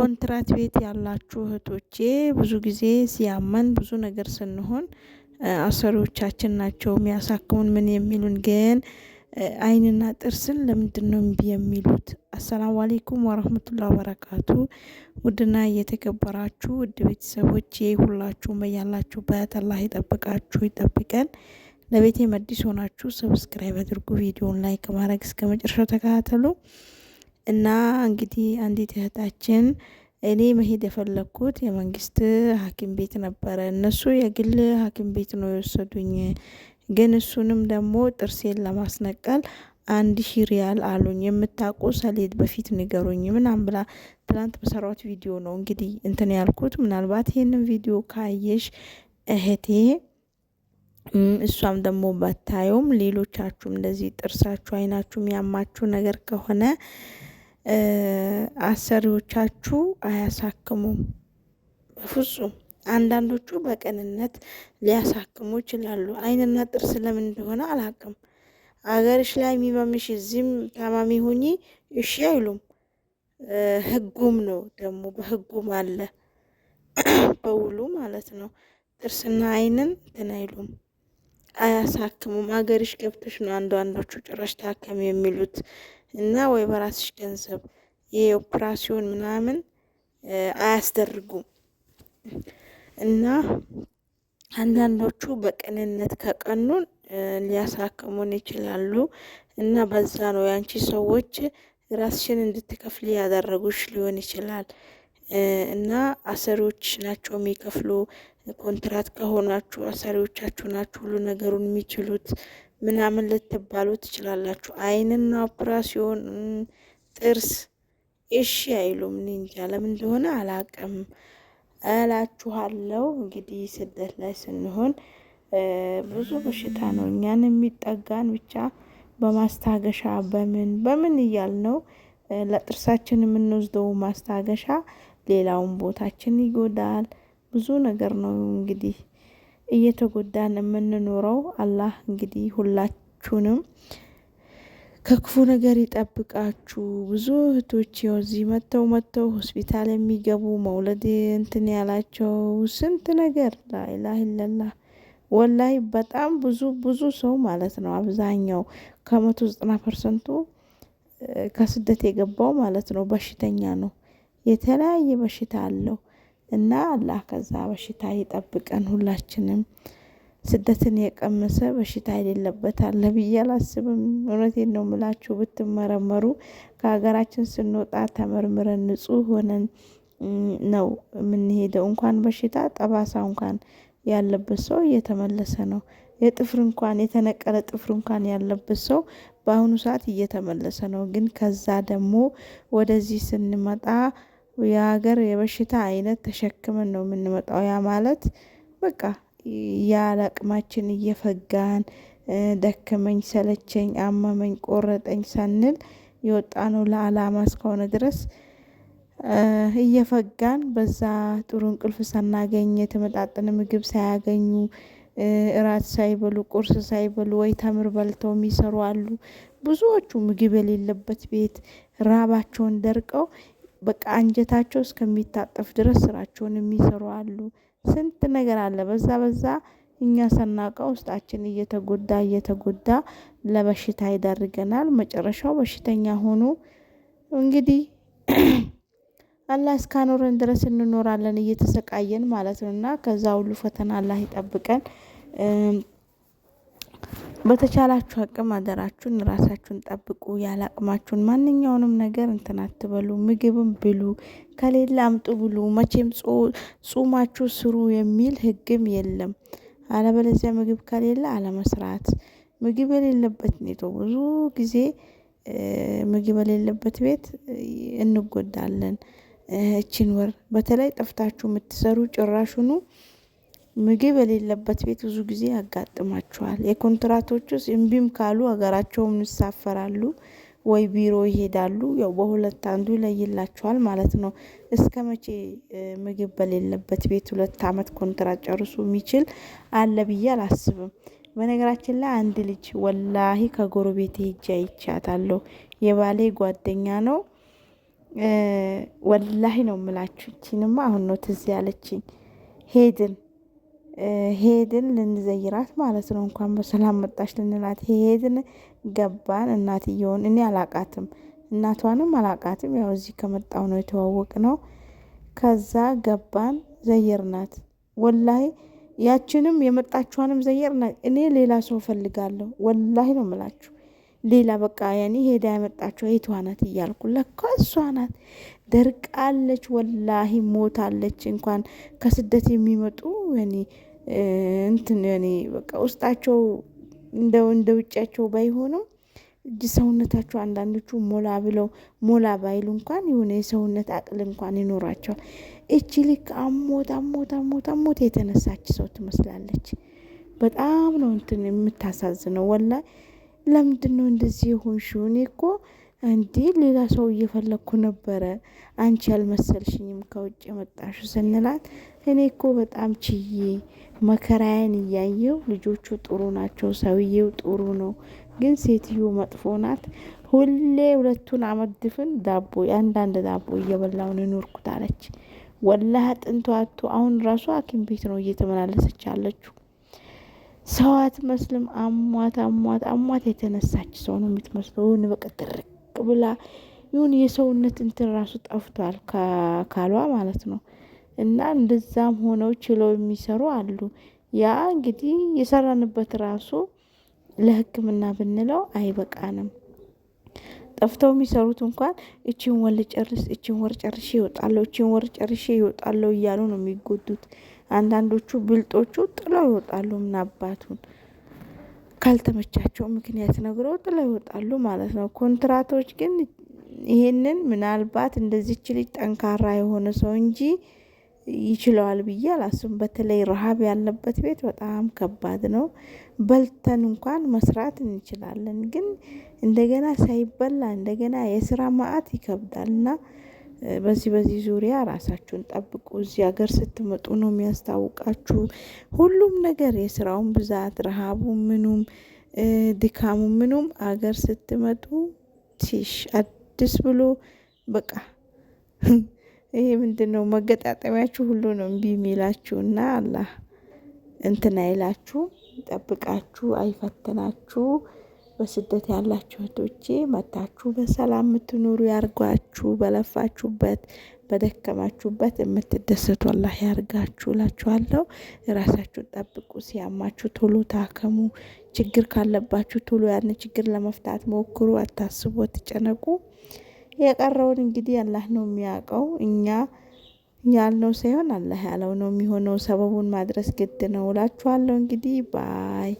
ኮንትራት ቤት ያላችሁ እህቶቼ ብዙ ጊዜ ሲያመን ብዙ ነገር ስንሆን አሰሪዎቻችን ናቸው የሚያሳክሙን ምን የሚሉን ግን አይንና ጥርስን ለምንድን ነው እምቢ የሚሉት? አሰላሙ አሌይኩም ወረህመቱላ ወበረካቱ። ውድና እየተከበራችሁ ውድ ቤተሰቦቼ ሁላችሁ በያላችሁበት አላህ ይጠብቃችሁ ይጠብቀን። ለቤቴ መዲስ ሆናችሁ ሰብስክራይብ አድርጉ፣ ቪዲዮን ላይክ ማድረግ እስከ መጨረሻው ተከታተሉ። እና እንግዲህ አንዲት እህታችን እኔ መሄድ የፈለግኩት የመንግስት ሐኪም ቤት ነበረ። እነሱ የግል ሐኪም ቤት ነው የወሰዱኝ። ግን እሱንም ደግሞ ጥርሴን ለማስነቀል አንድ ሺ ሪያል አሉኝ። የምታውቁ ሰሌድ በፊት ንገሩኝ ምናምን ብላ ትላንት በሰራሁት ቪዲዮ ነው እንግዲህ እንትን ያልኩት። ምናልባት ይህንን ቪዲዮ ካየሽ እህቴ እሷም ደግሞ በታዩም ሌሎቻችሁም እንደዚህ ጥርሳችሁ አይናችሁም ያማችሁ ነገር ከሆነ አሰሪዎቻችሁ አያሳክሙም በፍጹም። አንዳንዶቹ በቅንነት ሊያሳክሙ ይችላሉ። አይንና ጥርስ ለምን እንደሆነ አላቅም። አገርሽ ላይ የሚመምሽ እዚህም ታማሚ ሁኚ እሺ አይሉም። ህጉም ነው ደግሞ በህጉም አለ በውሉ ማለት ነው። ጥርስና አይንን እንትን አይሉም፣ አያሳክሙም። አገርሽ ገብቶች ነው አንዱ አንዶቹ ጭራሽ ታከም የሚሉት እና ወይ በራስሽ ገንዘብ የኦፕራሲዮን ምናምን አያስደርጉም። እና አንዳንዶቹ በቅንነት ከቀኑን ሊያሳክሙን ይችላሉ። እና በዛ ነው ያንቺ ሰዎች ራስሽን እንድትከፍል ያደረጉሽ ሊሆን ይችላል። እና አሰሪዎች ናቸው የሚከፍሉ። ኮንትራት ከሆናችሁ አሰሪዎቻችሁ ናችሁ ሁሉ ነገሩን የሚችሉት ምናምን ልትባሉ ትችላላችሁ። አይንና ኦፕራሲዮን፣ ጥርስ እሺ አይሉም። እኔ እንጃ ለምን እንደሆነ አላቅም እላችኋለሁ። እንግዲህ ስደት ላይ ስንሆን ብዙ በሽታ ነው እኛን የሚጠጋን ብቻ በማስታገሻ በምን በምን እያል ነው ለጥርሳችን የምንወስደው ማስታገሻ ሌላውን ቦታችን ይጎዳል። ብዙ ነገር ነው እንግዲህ እየተጎዳን የምንኖረው። አላህ እንግዲህ ሁላችሁንም ከክፉ ነገር ይጠብቃችሁ። ብዙ እህቶች እዚህ መጥተው መጥተው ሆስፒታል የሚገቡ መውለድ እንትን ያላቸው ስንት ነገር ላኢላሀ ኢለላህ ወላይ በጣም ብዙ ብዙ ሰው ማለት ነው። አብዛኛው ከመቶ ዘጠና ፐርሰንቱ ከስደት የገባው ማለት ነው በሽተኛ ነው። የተለያየ በሽታ አለው። እና አላህ ከዛ በሽታ ይጠብቀን ሁላችንም። ስደትን የቀመሰ በሽታ የሌለበት አለ ብዬ አላስብም። እውነቴን ነው ምላችሁ፣ ብትመረመሩ ከሀገራችን ስንወጣ ተመርምረን ንጹህ ሆነን ነው የምንሄደው። እንኳን በሽታ ጠባሳ እንኳን ያለበት ሰው እየተመለሰ ነው። የጥፍር እንኳን የተነቀለ ጥፍር እንኳን ያለበት ሰው በአሁኑ ሰዓት እየተመለሰ ነው። ግን ከዛ ደግሞ ወደዚህ ስንመጣ የሀገር የበሽታ አይነት ተሸክመን ነው የምንመጣው። ያ ማለት በቃ ያለ አቅማችን እየፈጋን ደከመኝ፣ ሰለቸኝ፣ አመመኝ፣ ቆረጠኝ ሳንል ነው ለአላማ እስከሆነ ድረስ እየፈጋን በዛ ጥሩ እንቅልፍ ሳናገኝ የተመጣጠነ ምግብ ሳያገኙ እራት ሳይበሉ ቁርስ ሳይበሉ ወይ ተምር በልተው የሚሰሩ አሉ። ብዙዎቹ ምግብ የሌለበት ቤት ራባቸውን ደርቀው በቃ አንጀታቸው እስከሚታጠፍ ድረስ ስራቸውን የሚሰሩ አሉ። ስንት ነገር አለ። በዛ በዛ እኛ ሳናውቀው ውስጣችን እየተጎዳ እየተጎዳ ለበሽታ ይዳርገናል። መጨረሻው በሽተኛ ሆኖ እንግዲህ አላህ እስካኖረን ድረስ እንኖራለን እየተሰቃየን ማለት ነው። እና ከዛ ሁሉ ፈተና አላህ ይጠብቀን። በተቻላችሁ አቅም አደራችሁን ራሳችሁን ጠብቁ። ያለ አቅማችሁን ማንኛውንም ነገር እንትን አትበሉ። ምግብም ብሉ፣ ከሌለ አምጡ ብሉ። መቼም ጾማችሁ ስሩ የሚል ህግም የለም። አለበለዚያ ምግብ ከሌለ አለመስራት። ምግብ የሌለበት ኔቶ ብዙ ጊዜ ምግብ የሌለበት ቤት እንጎዳለን። እችን ወር በተለይ ጠፍታችሁ የምትሰሩ ጭራሹኑ ምግብ የሌለበት ቤት ብዙ ጊዜ ያጋጥማቸዋል። የኮንትራቶቹ እምቢም ካሉ ሀገራቸውም ይሳፈራሉ ወይ ቢሮ ይሄዳሉ። ያው በሁለት አንዱ ይለይላቸዋል ማለት ነው። እስከ መቼ ምግብ በሌለበት ቤት ሁለት አመት ኮንትራት ጨርሱ የሚችል አለ ብዬ አላስብም። በነገራችን ላይ አንድ ልጅ ወላሂ ከጎረቤት ሄጄ አይቻታለሁ። የባሌ ጓደኛ ነው። ወላሂ ነው የምላችሁ። አሁን ነው ትዝ ያለችኝ። ሄድን ሄድን ልንዘይራት ማለት ነው። እንኳን በሰላም መጣሽ ልንላት ሄድን ገባን። እናትየውን እኔ አላቃትም፣ እናቷንም አላቃትም። ያው እዚህ ከመጣው ነው የተዋወቅ ነው። ከዛ ገባን ዘየርናት። ወላሂ ያችንም የመጣችኋንም ዘየርናት። እኔ ሌላ ሰው ፈልጋለሁ፣ ወላሂ ነው ምላችሁ ሌላ በቃ ያኔ ሄዳ ያመጣቸው እህቷ ናት እያልኩ ለካ እሷ ናት። ደርቃለች፣ ወላሂ ሞታለች። እንኳን ከስደት የሚመጡ ያኔ እንትን ያኔ በቃ ውስጣቸው እንደው እንደ ውጫቸው ባይሆንም እጅ ሰውነታቸው አንዳንዶቹ ሞላ ብለው ሞላ ባይሉ እንኳን የሆነ የሰውነት አቅል እንኳን ይኖራቸዋል። እቺ ልክ አሞት አሞት አሞት አሞት የተነሳች ሰው ትመስላለች። በጣም ነው እንትን የምታሳዝነው ወላሂ ለምንድን ነው እንደዚህ የሆንሽው? እኔ እኮ እንዴ ሌላ ሰው እየፈለግኩ ነበረ፣ አንቺ ያልመሰልሽኝም ከውጭ የመጣሽው ስንላት፣ እኔ እኮ በጣም ችዬ መከራዬን እያየው ልጆቹ ጥሩ ናቸው፣ ሰውዬው ጥሩ ነው፣ ግን ሴትዮ መጥፎ ናት። ሁሌ ሁለቱን አመት ድፍን ዳቦ አንዳንድ ዳቦ እየበላውን ኖርኩት አለች። ወላህ ጥንቷቱ አሁን ራሱ ሐኪም ቤት ነው እየተመላለሰች አለችው። ሰው አትመስልም። አሟት አሟት አሟት የተነሳች ሰው ነው የምትመስለው። ሆን በቃ ድርቅ ብላ ይሁን የሰውነት እንትን ራሱ ጠፍቷል ካሏ ማለት ነው። እና እንደዛም ሆነው ችለው የሚሰሩ አሉ። ያ እንግዲህ የሰራንበት ራሱ ለሕክምና ብንለው አይበቃንም። ጠፍተው የሚሰሩት እንኳን እችን ወር ልጨርስ፣ እችን ወር ጨርሼ ይወጣለሁ፣ እችን ወር ጨርሼ ይወጣለሁ እያሉ ነው የሚጎዱት። አንዳንዶቹ ብልጦቹ ጥለው ይወጣሉ። ምን አባቱን ካልተመቻቸው ምክንያት ነግሮ ጥለው ይወጣሉ ማለት ነው። ኮንትራቶች ግን ይሄንን ምናልባት እንደዚች ልጅ ጠንካራ የሆነ ሰው እንጂ ይችለዋል ብዬ አላስብም። በተለይ ረሃብ ያለበት ቤት በጣም ከባድ ነው። በልተን እንኳን መስራት እንችላለን፣ ግን እንደገና ሳይበላ እንደገና የስራ ማዕት ይከብዳል በዚህ በዚህ ዙሪያ ራሳችሁን ጠብቁ። እዚህ ሀገር ስትመጡ ነው የሚያስታውቃችሁ ሁሉም ነገር፣ የስራውን ብዛት፣ ረሃቡ፣ ምኑም፣ ድካሙ፣ ምኑም አገር ስትመጡ ትሽ አዲስ ብሎ በቃ ይሄ ምንድን ነው መገጣጠሚያችሁ ሁሉ ነው እምቢ የሚላችሁ እና አላህ እንትን አይላችሁ፣ ይጠብቃችሁ፣ አይፈትናችሁ። በስደት ያላችሁ እህቶቼ መታችሁ በሰላም የምትኖሩ ያርጓችሁ። በለፋችሁበት በደከማችሁበት የምትደሰቱ አላህ ያርጋችሁ እላችኋለሁ። ራሳችሁን ጠብቁ። ሲያማችሁ ቶሎ ታከሙ። ችግር ካለባችሁ ቶሎ ያን ችግር ለመፍታት ሞክሩ። አታስቡ፣ አትጨነቁ። የቀረውን እንግዲህ አላህ ነው የሚያውቀው። እኛ ያልነው ሳይሆን አላህ ያለው ነው የሚሆነው። ሰበቡን ማድረስ ግድ ነው እላችኋለሁ። እንግዲህ ባይ